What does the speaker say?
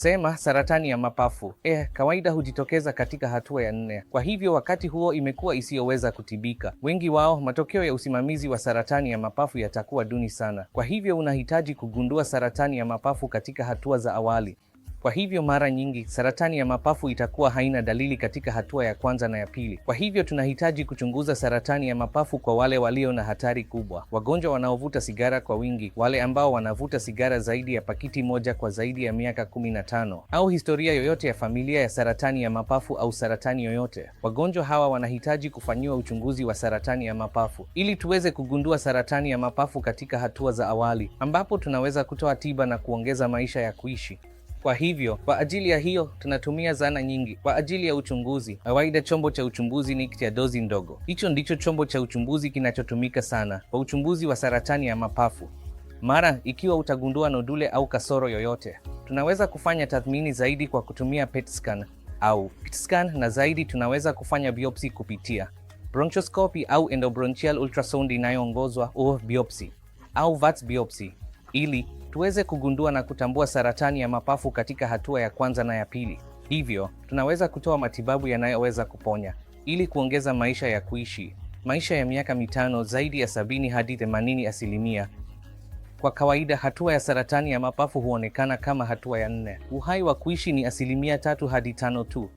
Sema saratani ya mapafu eh, kawaida hujitokeza katika hatua ya nne. Kwa hivyo wakati huo imekuwa isiyoweza kutibika. Wengi wao, matokeo ya usimamizi wa saratani ya mapafu yatakuwa duni sana. Kwa hivyo unahitaji kugundua saratani ya mapafu katika hatua za awali. Kwa hivyo mara nyingi saratani ya mapafu itakuwa haina dalili katika hatua ya kwanza na ya pili. Kwa hivyo tunahitaji kuchunguza saratani ya mapafu kwa wale walio na hatari kubwa, wagonjwa wanaovuta sigara kwa wingi, wale ambao wanavuta sigara zaidi ya pakiti moja kwa zaidi ya miaka 15, au historia yoyote ya familia ya saratani ya mapafu au saratani yoyote. Wagonjwa hawa wanahitaji kufanyiwa uchunguzi wa saratani ya mapafu ili tuweze kugundua saratani ya mapafu katika hatua za awali, ambapo tunaweza kutoa tiba na kuongeza maisha ya kuishi. Kwa hivyo kwa ajili ya hiyo tunatumia zana nyingi kwa ajili ya uchunguzi. Kawaida chombo cha uchunguzi ni cha dozi ndogo. Hicho ndicho chombo cha uchunguzi kinachotumika sana kwa uchunguzi wa saratani ya mapafu. Mara ikiwa utagundua nodule au kasoro yoyote, tunaweza kufanya tathmini zaidi kwa kutumia PET scan au PET scan, na zaidi tunaweza kufanya biopsi kupitia bronchoscopy au endobronchial ultrasound inayoongozwa, au biopsi au VATS biopsi ili tuweze kugundua na kutambua saratani ya mapafu katika hatua ya kwanza na ya pili. Hivyo tunaweza kutoa matibabu yanayoweza kuponya ili kuongeza maisha ya kuishi, maisha ya miaka mitano zaidi ya sabini hadi themanini asilimia. Kwa kawaida hatua ya saratani ya mapafu huonekana kama hatua ya nne. Uhai wa kuishi ni asilimia tatu hadi tano tu.